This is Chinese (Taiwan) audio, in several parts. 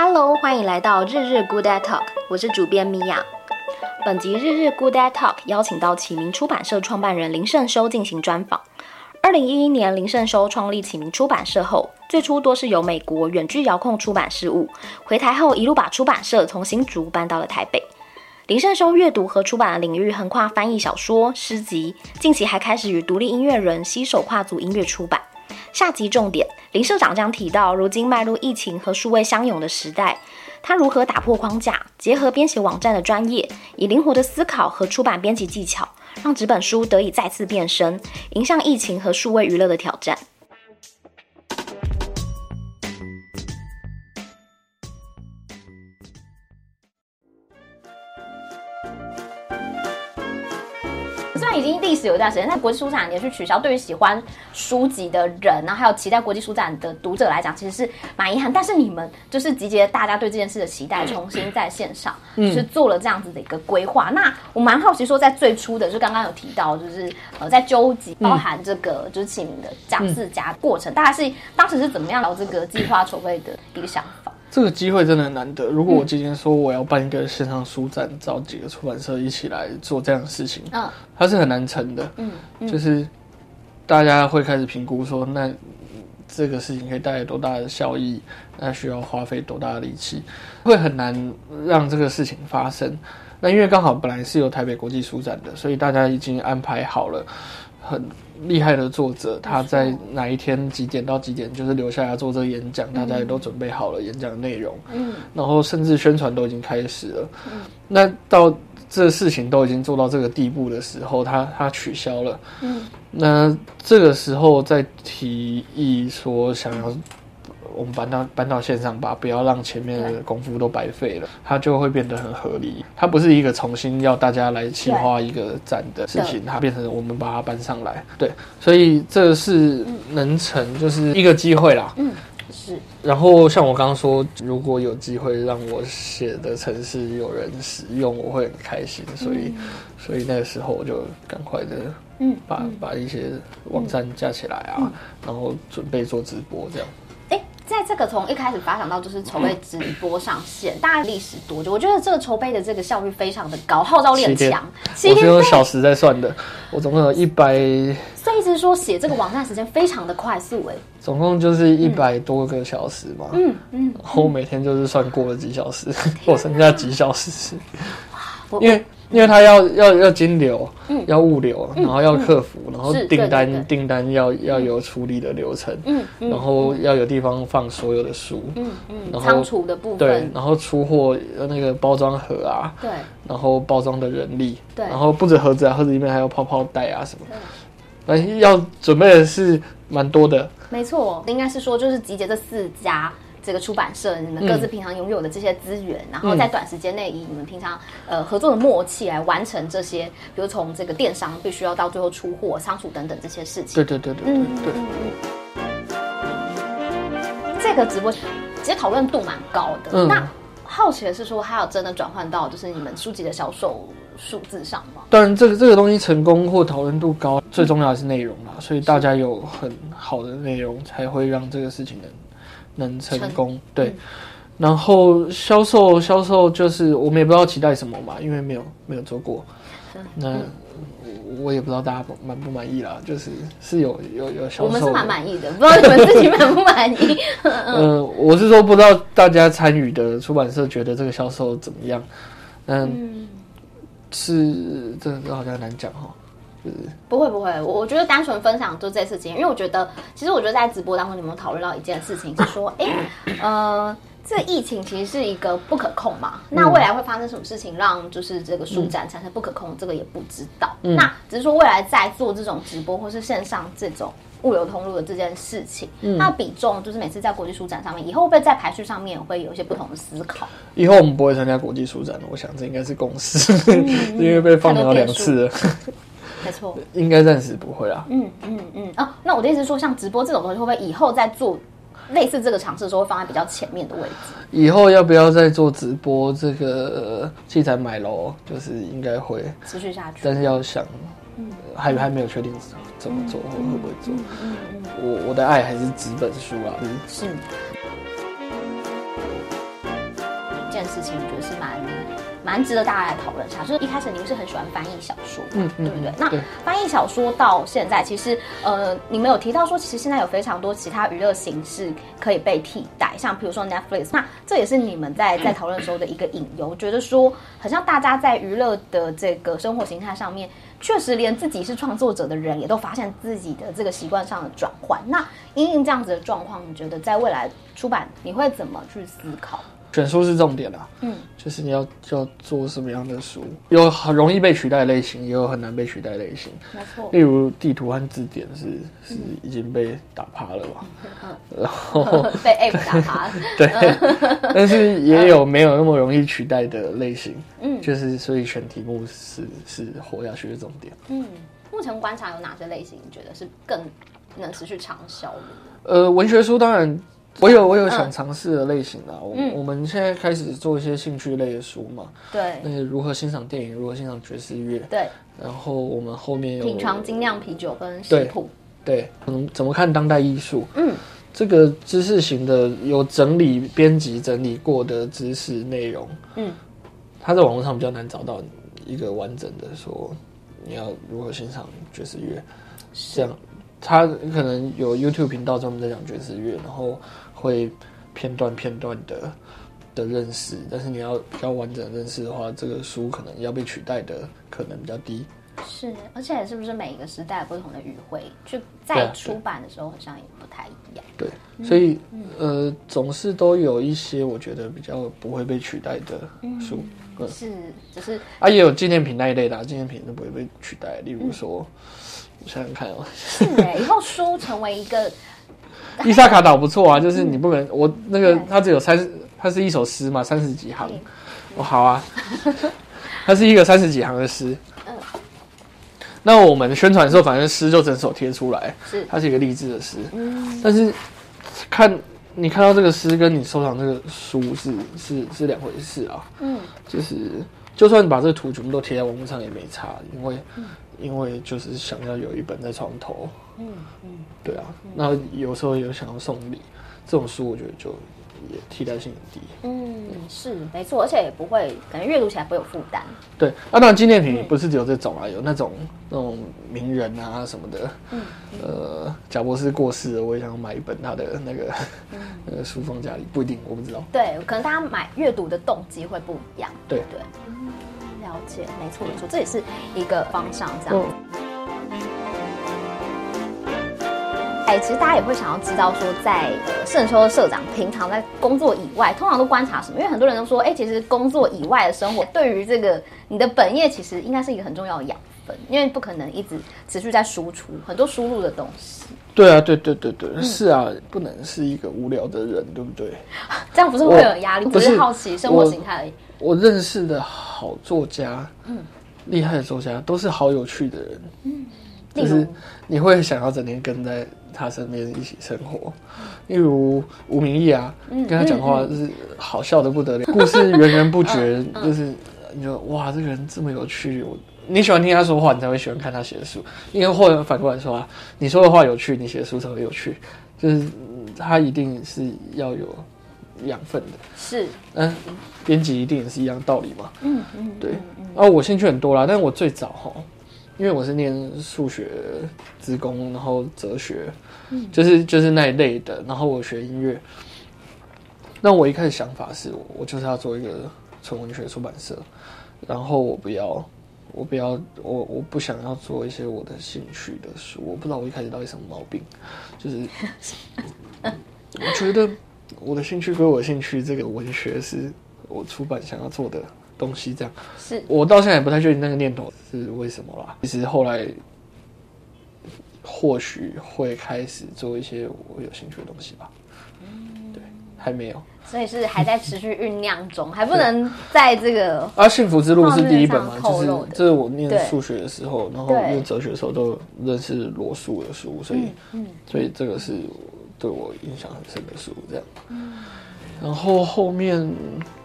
Hello，歡迎來到日日 Good Day Talk，我是主編米婭。本集日日 Good Day Talk 邀請到啟明出版社創辦人林聖修進行專訪。二零一一年，林聖修創立啟明出版社後，最初多是由美國遠距遙控出版事務。回台後，一路把出版社從新竹搬到了台北。林聖修閱讀和出版的領域橫跨翻譯小說、詩集，近期還開始與獨立音樂人攜手跨足音樂出版。下集重點，林社長將提到，如今邁入疫情和數位相擁的時代，他如何打破框架，結合編寫網站的專業，以靈活的思考和出版編輯技巧，讓紙本書得以再次變身，迎向疫情和數位娛樂的挑戰。已經歷史有一段時間，在國際書展也去取消。對於喜歡書籍的人，然後還有期待國際書展的讀者來講，其實是蠻遺憾。但是你們就是集結大家對這件事的期待，重新在線上，嗯、就，是做了這樣子的一個規劃。嗯、那我蠻好奇，說在最初的就剛剛有提到，就是呃在糾結包含這個、嗯、就是啟明的講字家過程，嗯、大概是當時是怎麼樣聊這個計劃籌備的一個想法。這個機會真的難得。如果我今天說我要辦一個線上書展，嗯、找幾個出版社一起來做這樣的事情，哦、它是很難成的。嗯，嗯就是大家會開始評估說，那這個事情可以帶來多大的效益？那需要花費多大的力氣？會很難讓這個事情發生。那因為剛好本來是有台北國際書展的，所以大家已經安排好了。很厲害的作者，他在哪一天幾點到幾點，就是留下來做這個演講，嗯，大家也都準備好了演講的內容，嗯，然後甚至宣傳都已經開始了，嗯，那到這事情都已經做到這個地步的時候，他他取消了，嗯，那這個時候再提議說想要。我們搬到搬到線上吧，不要讓前面的功夫都白費了，它就會變得很合理。它不是一個重新要大家來企劃一個站的事情，它變成我們把它搬上來。對，所以這是能成就是一個機會啦。嗯，是。然後像我剛剛說，如果有機會讓我寫的程式有人使用，我會很開心。所以，所以那個時候我就趕快的，嗯，把把一些網站架起來啊，然後準備做直播這樣。在這個從一開始發展到就是籌備直播上線，嗯、大概歷史多久？我覺得這個籌備的這個效率非常的高，號召力很強。七天，我用小時在算的，以我總共有一百。所以意思是說，寫這個網站時間非常的快速，哎，總共就是一百多個小時嘛。嗯嗯，然後每天就是算過了幾小時，嗯嗯、 我剩下幾小時，哇我因為。因為他要要要金流，要物流，然後要客服，然後訂單訂單要要有處理的流程，然後要有地方放所有的書，嗯嗯，倉儲的部分，對，然後出貨那個包裝盒啊，對，然後包裝的人力，對，然後不止盒子啊，盒子裡面還有泡泡袋啊什麼，反正要準備的是蠻多的，沒錯，應該是說就是集結這四家。這個出版社，你們各自平常擁有的這些資源，嗯、然後在短時間內以你們平常呃合作的默契來完成這些，比如從這個電商必須要到最後出貨倉儲等等這些事情。對對對，對對對對，嗯，對、嗯。嗯嗯、這個直播其實討論度蠻高的。嗯、那好奇的是，說它有真的轉換到就是你們書籍的銷售數字上嗎？當然，這個這個東西成功或討論度高，最重要的是內容嘛。嗯、所以大家有很好的內容，才會讓這個事情能。能成功對，然後銷售銷售就是我們也不知道期待什麼嘛，因為沒有沒有做過，那我也不知道大家滿不滿意啦，就是是有有有銷售，我們是蠻滿意的， 不知道你們自己滿不滿意？嗯，我是說不知道大家參與的出版社覺得這個銷售怎麼樣？嗯，是真的好像很難講哦。是不會不會，我我覺得單純分享就這次經驗，因為我覺得其實我覺得在直播當中，你們有討論到一件事情是說，哎、啊，誒呃，這疫情其實是一個不可控嘛，嗯、那未來會發生什麼事情讓就是這個書展產生不可控，這個也不知道。嗯、那只是說未來在做這種直播或是線上這種物流通路的這件事情，嗯、那比重就是每次在國際書展上面，以後會不會在排序上面會有一些不同的思考？以後我們不會參加國際書展了，我想這應該是共識，嗯、 因為被放掉了兩次了。沒錯，應該暫時不會啊、嗯。嗯嗯嗯啊，那我的意思是說，像直播這種東西，會不會以後再做類似這個嘗試的時候，會放在比較前面的位置？以後要不要再做直播？這個、呃、器材買嘍？就是應該會持續下去。但是要想，嗯，還還沒有確定怎麼做或、嗯、會不會做。嗯嗯嗯嗯、我我的愛還是紙本書啊。嗯，是。我一件事情，我覺得是蠻。蠻值得大家來討論一下。就是一開始你們是很喜歡翻譯小說，嗯嗯、對不對？對，那翻譯小說到現在，其實呃，你們有提到說，其實現在有非常多其他娛樂形式可以被替代，像譬如說 Netflix。那這也是你們在在討論的時候的一個隱憂，覺得說，好像大家在娛樂的這個生活形態上面，確實連自己是創作者的人，也都發現自己的這個習慣上的轉換。那因應這樣子的狀況，你覺得在未來出版，你會怎麼去思考？選書是重點啦，啊，嗯，就是你要就要做什麼樣的書，有很容易被取代的類型，也有很難被取代的類型，沒錯。例如地圖和字典是是已經被打趴了吧，嗯，然後呵呵被 App 打趴了， 對。嗯，但是也有沒有那麼容易取代的類型，嗯，就是所以選題目是是活下去的重點。嗯，目前觀察有哪些類型你覺得是更能持續暢銷的？呃，文學書當然。我有我有想嘗試的類型的、啊，嗯、我我們現在開始做一些興趣類的書嘛？嗯、對，那如何欣賞電影，如何欣賞爵士樂？對。然後我們後面有品嘗精釀啤酒跟食譜。對，對、嗯，怎麼看當代藝術？嗯，這個知識型的有整理編輯整理過的知識內容。嗯，它在網絡上比較難找到一個完整的說你要如何欣賞爵士樂，像它是可能有 YouTube 頻道專門在講爵士樂，然後。會片段片段的的認識，但是你要比較完整的認識的話，這個書可能要被取代的可能比較低。是，而且是不是每一個時代不同的語彙，就在出版的時候好像也不太一樣。對，對嗯、所以、嗯、呃，總是都有一些我覺得比較不會被取代的書。嗯嗯、是，就是啊，也有紀念品那一類的、啊，紀念品都不會被取代。例如說，嗯、我想想看哦，是哎耶， 以後書成為一個。伊薩卡島不錯啊，就是你不能、嗯、我那個它只有三十，它是一首詩嘛，三十幾行。我、哦、好啊，它是一個三十幾行的詩。嗯。那我們宣傳的時候，反正詩就整首貼出來。是。它是一個勵志的詩。嗯、但是看你看到這個詩，跟你收藏這個書是是是兩回事啊。嗯、就是就算把這個圖全部都貼在網路上也沒差，因為。嗯因為就是想要有一本在床頭、嗯，嗯嗯，對啊，嗯、那有時候有想要送禮，這種書我覺得就也替代性很低，嗯，嗯是沒錯，而且也不會感覺閱讀起來不有負擔。對，啊，當然紀念品不是只有這種啊，嗯、有那種那種名人啊什麼的，嗯，嗯呃，賈博士過世，了，我也想要買一本他的那個、嗯、 那個書放家裡，不一定我不知道。對，可能大家買閱讀的動機會不一樣，對對。對嗯了解，沒錯沒錯，這也是一個方向，這樣。哎、嗯，欸，其實大家也會想要知道，說在、呃、聖修的社長平常在工作以外，通常都觀察什麼？因為很多人都說，哎、欸，其實工作以外的生活，對於這個你的本業，其實應該是一個很重要的養分，因為不可能一直持續在輸出很多輸入的東西。對啊，對對對對，嗯、是啊，不能是一個無聊的人，對不對？這樣不是會有壓力？我不，是不是好奇生活形態而已。我認識的好作家，嗯，厲害的作家都是好有趣的人，嗯，就是你會想要整天跟在他身邊一起生活，例如吳明益啊，嗯、跟他講話就是好笑得不得了，嗯嗯、故事源源不絕， 就是你就哇，這個人這麼有趣，你喜歡聽他說話，你才會喜歡看他寫的書，因為或者反過來說啊，你說的話有趣，你寫的書才會有趣，就是他一定是要有。養分的，是嗯，編輯一定也是一樣道理嘛。嗯嗯，嗯對。嗯嗯嗯、啊，我興趣很多啦，但是我最早哈，因為我是念數學、資工，然後哲學，嗯、就是就是那一類的。然後我學音樂，那我一開始想法是我就是要做一個純文學出版社，然後我不要，我不要，我我不想要做一些我的興趣的書。我不知道我一開始到底什麼毛病，就是 我覺得。我的興趣歸我興趣，這個文學是我出版想要做的東西，這樣。是我到現在也不太確定那個念頭是為什麼啦。其實後來，或許會開始做一些我有興趣的東西吧。嗯，對，還沒有。所以是還在持續醞釀中， 還不能在這個。對啊，幸福之路是第一本嗎？就是這是我念數學的時候，對然後念哲學的時候都認識羅素的書，所以，對所以這個是。對我印象很深的書，這樣。嗯、然後後面，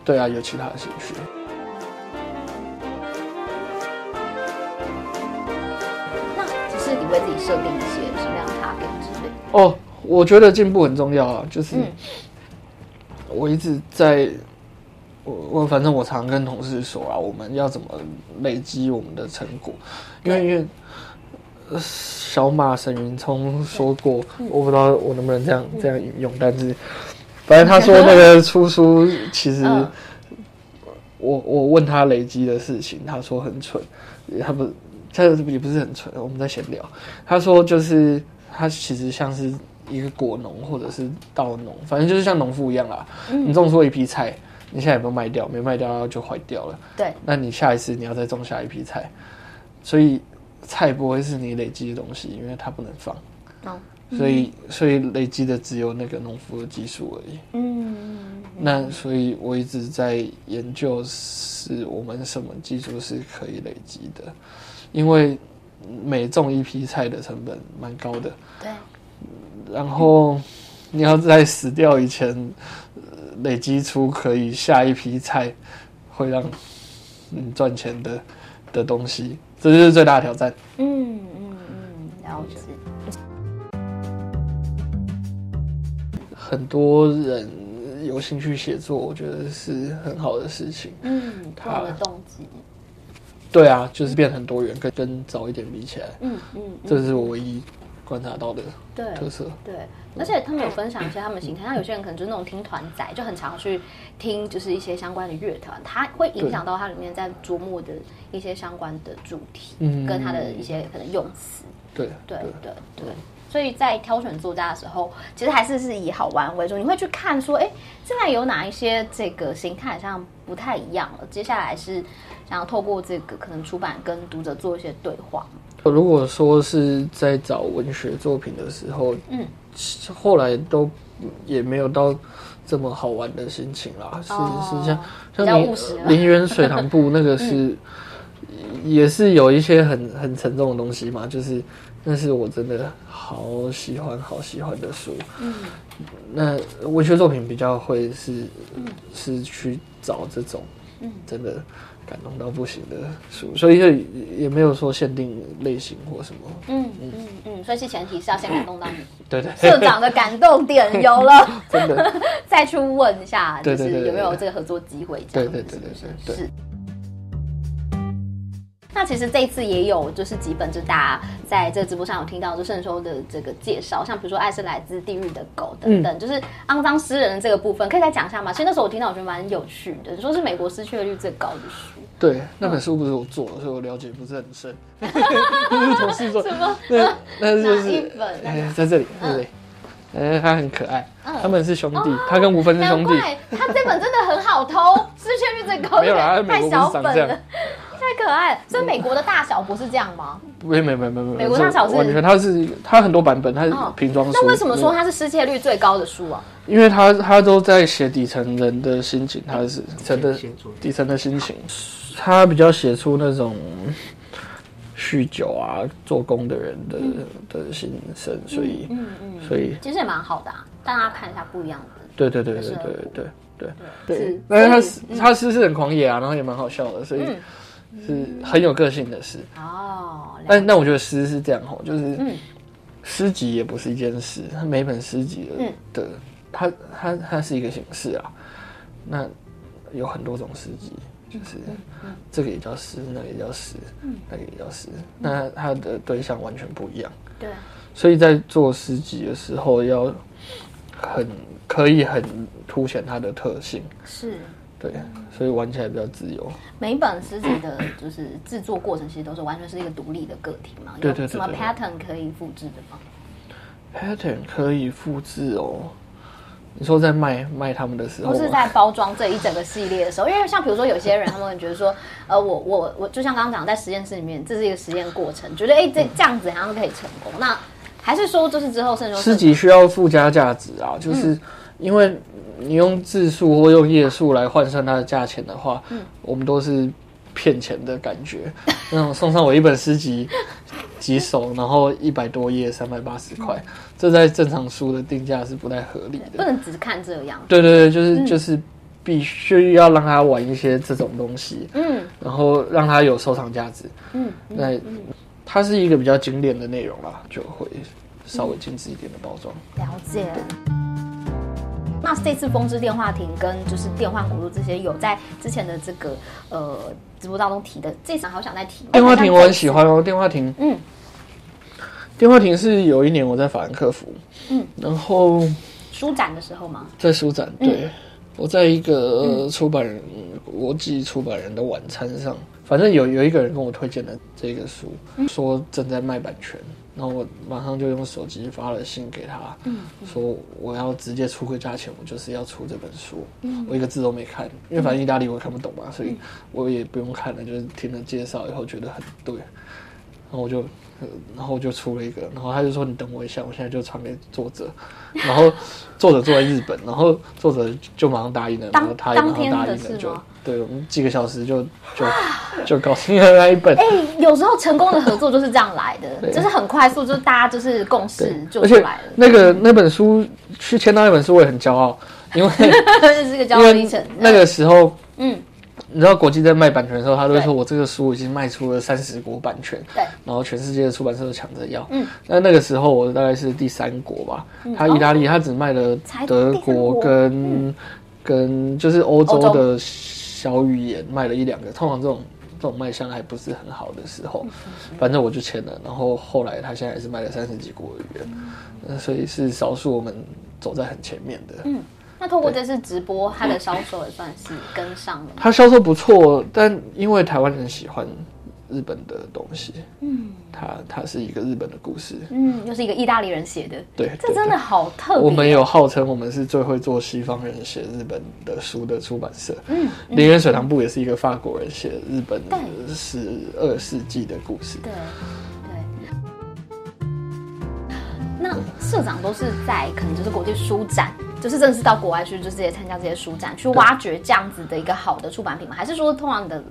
對啊，有其他的興趣。那其實你為自己設定一些什麼樣的卡 r 之類？哦，oh, 我覺得進步很重要啊，就是我一直在，我我反正我常,常跟同事說啊，我們要怎麼累積我們的成果，因為。嗯因為小馬沈雲聰說過，我不知道我能不能這樣這樣引用，但是、嗯、反正他說那個出書，其實我我問他累積的事情，他說很蠢，他不，他也不是很蠢，我們在閒聊。他說就是他其實像是一個果農或者是稻農，反正就是像農夫一樣啦。嗯、你種出一批菜，你現在有沒有賣掉？沒賣掉就壞掉了。對，那你下一次你要再種下一批菜，所以。菜不會是你累積的東西，因為它不能放。哦。Oh, 所以，嗯、所以累積的只有那個農夫的技術而已。嗯。嗯，那所以，我一直在研究，是我們什麼技術是可以累積的？因為每種一批菜的成本蠻高的。對。然後，你要在死掉以前，累積出可以下一批菜會讓你賺錢的的東西。這就是最大的挑戰。嗯嗯嗯，然、嗯、後很多人有興趣寫作，我覺得是很好的事情。嗯，他的動機。對啊，就是變很多元，跟跟早一點比起來，嗯嗯，嗯嗯這是我唯一。觀察到的特色對，對，而且他們有分享一些他們的形態，嗯、像有些人可能就是那種聽團仔，就很常去聽，就是一些相關的樂團，它會影響到它裡面在琢磨的一些相關的主題，嗯對，跟它的一些可能用詞，對，對，對，對、嗯，所以在挑選作家的時候，其實還是是以好玩為主，你會去看說，哎，現在有哪一些這個形態好像不太一樣了，接下來是想要透過這個可能出版跟讀者做一些對話。如果說是在找文學作品的時候，嗯，後來都也沒有到這麼好玩的心情啦，是、哦、是像像、呃、林林園水塘布那個是、嗯、也是有一些很很沉重的東西嘛，就是，那是我真的好喜歡好喜歡的書，嗯、那文學作品比較會是、嗯、是去找這種，嗯，真的。感動到不行的書，所以也也沒有說限定類型或什麼嗯嗯。嗯嗯嗯，所以是前提是要先感動到你。 對對，社長的感動點有了， 真的 再去問一下，就是有沒有這個合作機會這樣子。對對對對對，對，是。那其實這一次也有就是幾本，就大家在這個直播上有聽到，就聖修的這個介紹，像比如說《愛是來自地獄的狗》等等，就是骯髒詩人的這個部分，可以再講一下嗎？其實那時候我聽到我覺得蠻有趣的，你說是美國失竊率最高的書，對，那本書不是我做的，所以我了解不是很深，哈是同事做，什麼？那那就是一本，在這裡，對不對？哎，他很可愛，他們是兄弟，他跟吳分是兄弟，他這本真的很好偷，失竊率最高，沒有，太小本了可愛，所以美國的大小不是這樣嗎？沒沒沒沒沒有美國大小是完全，它是它很多版本，它是平裝書。哦、那為什麼說它是失竊率最高的書啊？因為他他都在寫底層人的心情，他是真的底層的心情，他比較寫出那種酗酒啊、做工的人的的心聲，所以、嗯嗯嗯、所以其實也蠻好的、啊，大家看一下不一樣的。對對對對對對對對對。那他他詩是很狂野啊，然後也蠻好笑的，所以。嗯是很有個性的詩哦，但那我覺得詩是這樣吼，就是詩集也不是一件事，它每本詩集的，它它它是一個形式啊，那有很多種詩集，就是這個也叫詩，那個也叫詩，那個也叫詩，那它的對象完全不一樣，對，所以在做詩集的時候要很可以很凸顯它的特性，是對。所以玩起來比較自由。每一本詩集的就是制作過程，其實都是完全是一個獨立的個體嘛。對，對對對。什麼 pattern 可以複製的嗎？Pattern 可以複製哦。你說在賣賣他們的時候，不是在包裝這一整個系列的時候？ 因為像比如說有些人，他們會覺得說，呃，我我我，我就像剛剛講，在實驗室裡面，這是一個實驗過程，覺得哎，這、欸、這樣子好像可以成功。嗯、那還是說，就是之後甚至詩集需要附加價值啊，就是。嗯因為你用字數或用頁數來換算它的價錢的話，嗯，我們都是騙錢的感覺。那送上我一本詩集，幾首，然後一百多頁，三百八十塊，這在正常書的定價是不太合理的。不能只看這樣。對對對，就是就是必須要讓他玩一些這種東西，嗯，然後讓他有收藏價值，嗯，那它是一個比較經典的內容了，就會稍微精緻一點的包裝。了解。那這次《風之電話亭》跟就是《電幻國度》這些有在之前的這個呃直播當中提的，這場好想再提。電話亭我很喜歡哦，電話亭。嗯。電話亭是有一年我在法蘭克福。嗯。然後。書展的時候嗎？在書展，對，嗯、我在一個出版人國際、嗯、出版人的晚餐上，反正有有一個人跟我推薦了這個書，嗯、說正在賣版權。然後我馬上就用手機發了信給他，說我要直接出個價錢，我就是要出這本書，我一個字都沒看，因為反正意大利我也看不懂嘛，所以我也不用看了，就是聽了介紹以後覺得很對，然後我就，然後就出了一個，然後他就說你等我一下，我現在就傳給作者，然後作者住在日本，然後作者就馬上答應了，然後他也馬上答應了就。對，我們幾個小時就就就搞定那一本。哎，有時候成功的合作就是這樣來的，就是很快速，就是大家就是共識就來了。那個那本書去簽到那一本書我也很驕傲，因為哈是個驕傲歷程。那個時候，嗯，你知道國際在賣版權的時候，他都會說我這個書已經賣出了三十國版權，對，然後全世界的出版社都搶着要，嗯，那那個時候我大概是第三國吧，他意大利他只賣了德國跟跟就是歐洲的。小語言賣了一兩個，通常這種這種賣相還不是很好的時候，是是是反正我就簽了。然後後來他現在也是賣了三十幾國語了、嗯、所以是少數我們走在很前面的。嗯，那透過這次直播，對他的銷售也算是跟上了。他銷售不錯，但因為台灣人喜歡。日本的東西，嗯，它它是一個日本的故事，嗯，又是一個意大利人寫的，對，這真的好特別哦。我們有號稱我們是最會做西方人寫日本的書的出版社，嗯，嗯，《林源水塘部》也是一個法國人寫日本的十二世紀的故事，對，對，對，對，那社長都是在可能就是國際書展，就是正式到國外去，就是參加這些書展，去挖掘這樣子的一個好的出版品嗎？對還是說是通常的？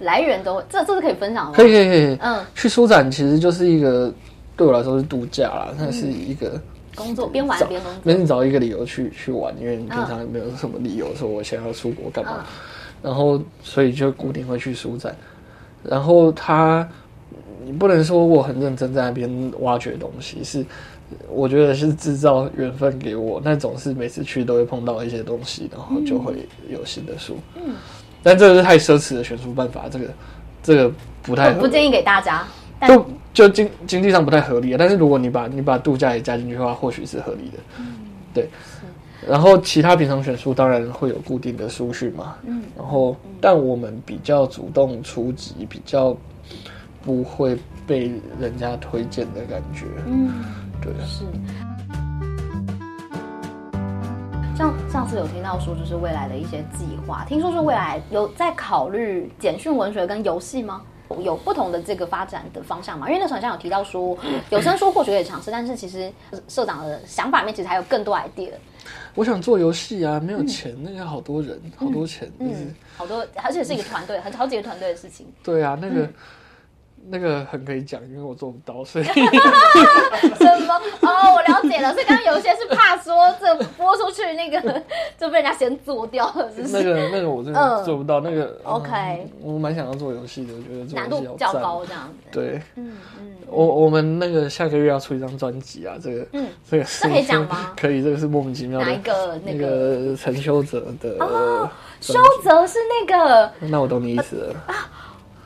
來源都這這是可以分享的嗎？可以可以可以，嗯，去書展其實就是一個，對我來說是度假啦，那是一個工作找邊玩找邊工作，邊找一個理由去去玩，因為你平常也沒有什麼理由說我想要出國幹嘛，哦、然後所以就固定會去書展，然後他你不能說我很認真在那邊挖掘東西是。我覺得是製造緣分給我，但總是每次去都會碰到一些東西，然後就會有新的書。嗯，但這個是太奢侈的選書辦法，這個這個不太、哦、不建議給大家。就就經經濟上不太合理啊。但是如果你把你把度假也加進去的話，或許是合理的。嗯、對。然後其他平常選書當然會有固定的書訊嘛。嗯。然後，但我們比較主動出擊，比較不會被人家推薦的感覺。嗯。對啊、是，像上次有聽到說，就是未來的一些計劃，聽說是未來有在考慮簡訊文學跟遊戲嗎？有不同的這個發展的方向嘛？因為那時候好像有提到說，有聲書或許可以嘗試，但是其實社長的想法面其實還有更多 idea。我想做遊戲啊，沒有錢，嗯、那個好多人，好多錢，嗯，嗯就是、好多，而且是一個團隊，很好幾個團隊的事情。對啊，那個。嗯那個很可以講，因為我做不到，所以。什麼？哦，我了解了。所以剛剛有一些是怕說這播出去，那個就被人家先做掉了。那個那個，我真的做不到。那個 OK。我蠻想要做遊戲的，我覺得難度較高這樣子。對，嗯嗯。我我們那個下個月要出一張專輯啊，這個嗯，這個那可以講嗎？可以，這個是莫名其妙的。哪一個？那個陳修澤的。哦，修澤是那個。那我懂你意思了啊。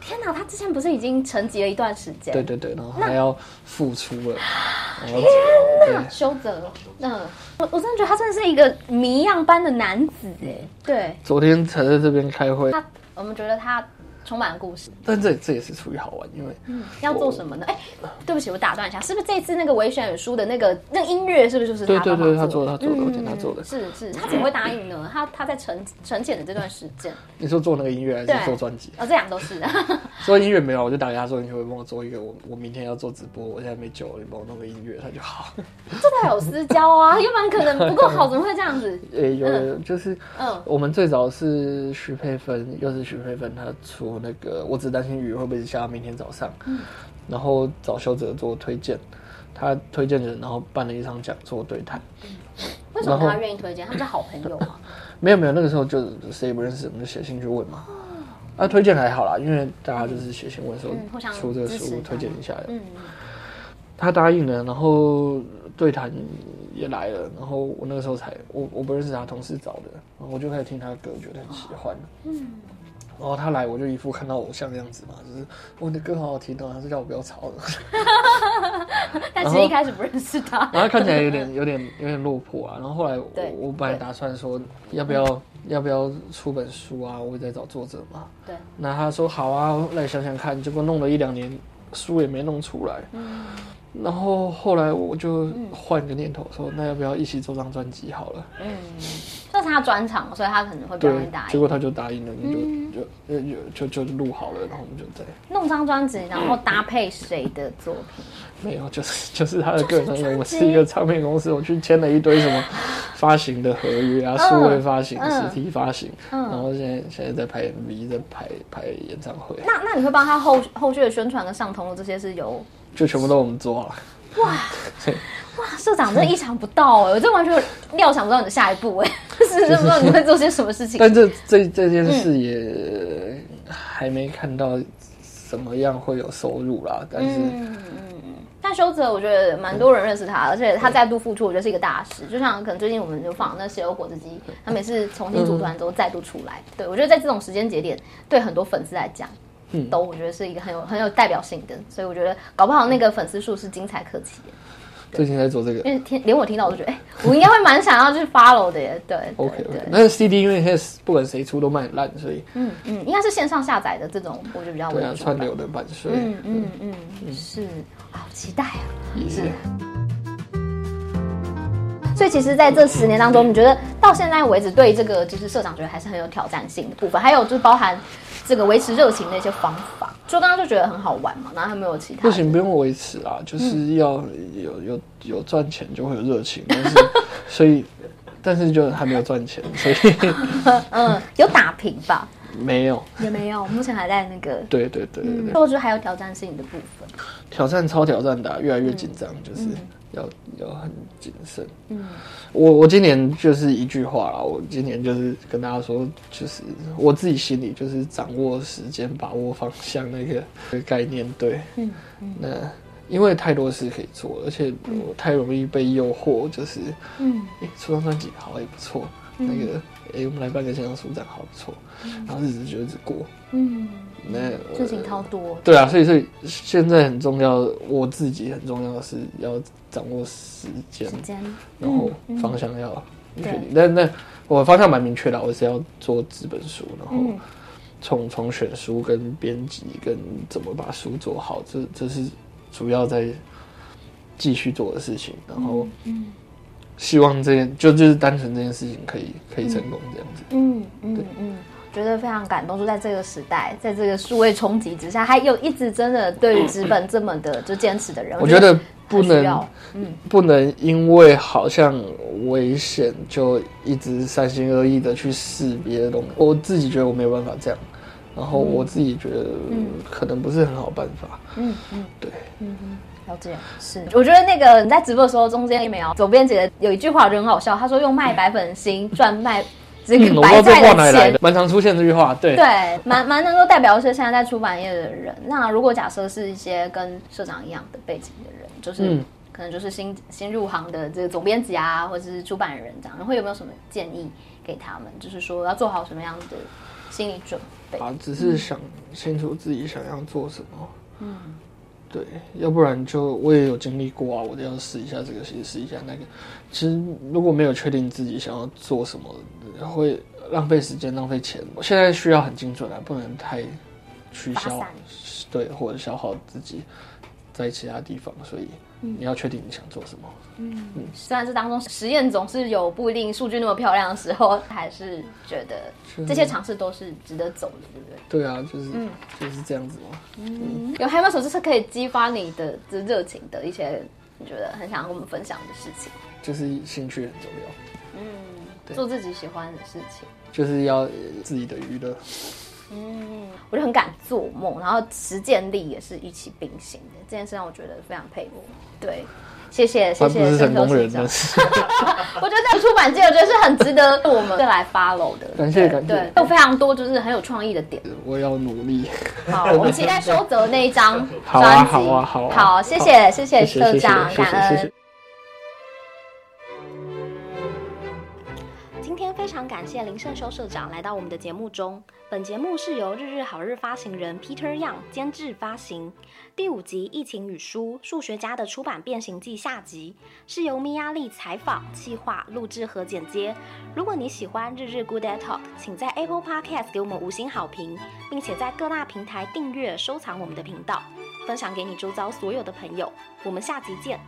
天哪，他之前不是已經沉寂了一段時間？對對對，然後他要復出了。那天哪，修澤對，了嗯，我我真的覺得他真的是一個謎樣般的男子哎。對，昨天才在這邊開會。他，我們覺得他。充滿了故事，但這這也是出於好玩，因為要做什麼呢？哎，對不起，我打斷一下，是不是這次那個韋選書的那個那音樂是不是就是他做的？對對對，他做，他做，我聽，他做的是是，他怎麼會答應呢？他他在沉沉潛的這段時間，你說做那個音樂還是做專輯？哦，這兩個都是做音樂沒有，我就打給他說：“你可以幫我做一個，我我明天要做直播，我現在沒酒，你幫我弄個音樂，他就好。”這才有私交啊，要不然可能不夠好，怎麼會這樣子？對，有有，就是嗯，我們最早是徐佩芬，又是徐佩芬，他出。我那個，我只擔心雨會不會下到明天早上。然後找修哲做推薦，他推薦的，然後辦了一場講座對談。為什麼他願意推薦？他們是好朋友嗎？沒有沒有，那個時候就誰也不認識，我們就寫信去問嘛。啊，推薦還好啦，因為大家就是寫信問說出這個書推薦一下。嗯，他答應了，然後對談也來了，然後我那個時候才我我不認識他，同事找的，我就開始聽他的歌，覺得很喜歡。嗯。然後他來，我就一副看到偶像的樣子嘛，就是，我的歌好好聽啊！他是叫我不要吵的，但是一開始不認識他，然，然後看起來有點有點有點落魄啊。然後後來我，我本來打算說要不要、嗯、要不要出本書啊，我在找作者嘛。對。那他說好啊，來想想看。結果弄了一兩年，書也沒弄出來。嗯。然後後來我就換一個念頭，說那要不要一起做張專輯好了？嗯，這、就是他專場，所以他可能會答應。對，結果他就答應了，你就就、嗯、就就錄好了，然後我們就在弄張專輯，然後搭配誰的作品？嗯、沒有，就是就是他的個人專輯。是我是一個唱片公司，我去簽了一堆什麼發行的合約啊，嗯、數位發行、嗯、實體發行。嗯、然後現在現在在拍 MV，在拍拍演唱會。那那你會幫他後後續的宣傳跟上通的這些是由？就全部都我們做了。哇哇，社長真的意想不到哎，我真完全料想不到你的下一步哎，就是不知道你會做些什麼事情。但這這這件事也還沒看到怎麼樣會有收入啦，但是，嗯，但修哲我覺得蠻多人認識他，而且他再度復出，我覺得是一個大事。就像可能最近我們就放那些血肉果汁機，他每次重新組團之後再度出來，對，我覺得在這種時間節點，對很多粉絲來講。都，我覺得是一個很有很有代表性的，所以我覺得搞不好那個粉絲數是精彩可期。最近在做這個，因為聽連我聽到我都覺得，哎、欸，我應該會蠻想要去 follow 的耶。對，OK, okay.。對，但是 CD 因為現在不管誰出都賣很爛，所以，嗯嗯，嗯應該是線上下載的這種，我覺得比較對、啊。串流的版稅、嗯。嗯嗯嗯，對是，好期待啊！Yeah. 是。所以，其實，在這十年當中，你覺得到現在為止，對這個就是社長覺得還是很有挑戰性的部分，還有就是包含。這個維持熱情的一些方法，就剛剛就覺得很好玩嘛，然後還沒有其他。不行，不用維持啊，就是要有、嗯、有有，有賺錢就會有熱情，但是 所以但是就還沒有賺錢，所以 嗯，有打平吧？沒有，也沒有，我目前還在那個。對，對對對對對。或者還有挑戰性的部分？挑戰超挑戰的、啊，越來越緊張，嗯、就是。嗯要要很謹慎。嗯，我我今年就是一句話啦，我今年就是跟大家說，就是我自己心裡就是掌握時間、把握方向那個、那個、概念。對，嗯，嗯那因為太多事可以做，而且我太容易被誘惑，就是嗯，哎、欸，出張專輯好也不錯，嗯、那個哎、欸，我們來辦個線上書展好不錯，然後日子就一直得過，嗯。嗯事情超多，對啊，所以所以現在很重要，我自己很重要的是要掌握時間，時間，然後方向要確定。那那我方向蠻明確的，我是要做紙本書，然後從從選書、跟編輯、跟怎麼把書做好，這這是主要在繼續做的事情。然後，嗯，希望這件就就是單純這件事情可以可以成功這樣子。嗯嗯嗯。覺得非常感動，說在這個時代，在這個數位衝擊之下，還有一直真的對於紙本這麼的、嗯嗯、就堅持的人，我覺得不能，嗯，不能因為好像危險就一直三心二意的去試別的東西。我自己覺得我沒有辦法這樣，然後我自己覺得可能不是很好辦法。嗯嗯，嗯嗯對，嗯嗯，這樣是，我覺得那個你在直播的時候中間有沒左邊姐有一句話就很好笑，她說用賣白粉心賺賣、嗯。這個白帶血蠻常出現這句話，對對，蠻蠻能夠代表的是現在在出版業的人。 那如果假設是一些跟社長一樣的背景的人，就是可能就是新、嗯、新入行的這個總編輯啊，或者是出版人這樣，會有沒有什麼建議給他們？就是說要做好什麼樣的心理準備？啊，只是想清楚自己想要做什麼，嗯。對，要不然就我也有經歷過啊，我都要試一下這個，試一下那個。其實如果沒有確定自己想要做什麼，會浪費時間、浪費錢。我現在需要很精準的，啊，不能太取消，對，或者消耗自己在其他地方，所以。你要確定你想做什麼。嗯嗯，嗯雖然是當中實驗總是有不一定數據那麼漂亮的時候，還是覺得這些嘗試都是值得走的，對不對？對啊，就是，嗯、就是這樣子嘛。嗯，嗯有還沒有什麼是可以激發你的熱情的一些你覺得很想跟我們分享的事情？就是興趣很重要。嗯，對做自己喜歡的事情，就是要自己的娛樂。嗯，我就很敢做夢，然後實踐力也是一起並行的，這件事讓我覺得非常佩服。對，謝謝萬不 謝謝社長，人的 我覺得在出版界，我覺得是很值得我們再來 follow 的對感。感謝感謝，對有非常多就是很有創意的點。我也要努力。好，我期待收則那一張，啊。好啊好啊好。好，謝謝，啊、謝謝，謝，謝社長，謝謝感恩。謝謝謝謝非常感謝林聖修社長來到我們的節目中。本節目是由日日好日發行人 Peter Yang 監製發行。第五集《疫情與書：數學家的出版變形記》下集是由 Miya Lee 採訪、企劃、錄製和剪接。如果你喜歡《日日 GOODDAY TALK》，請在 Apple Podcast 給我們五星好評，並且在各大平台訂閱、收藏我們的頻道，分享給你周遭所有的朋友。我們下集見。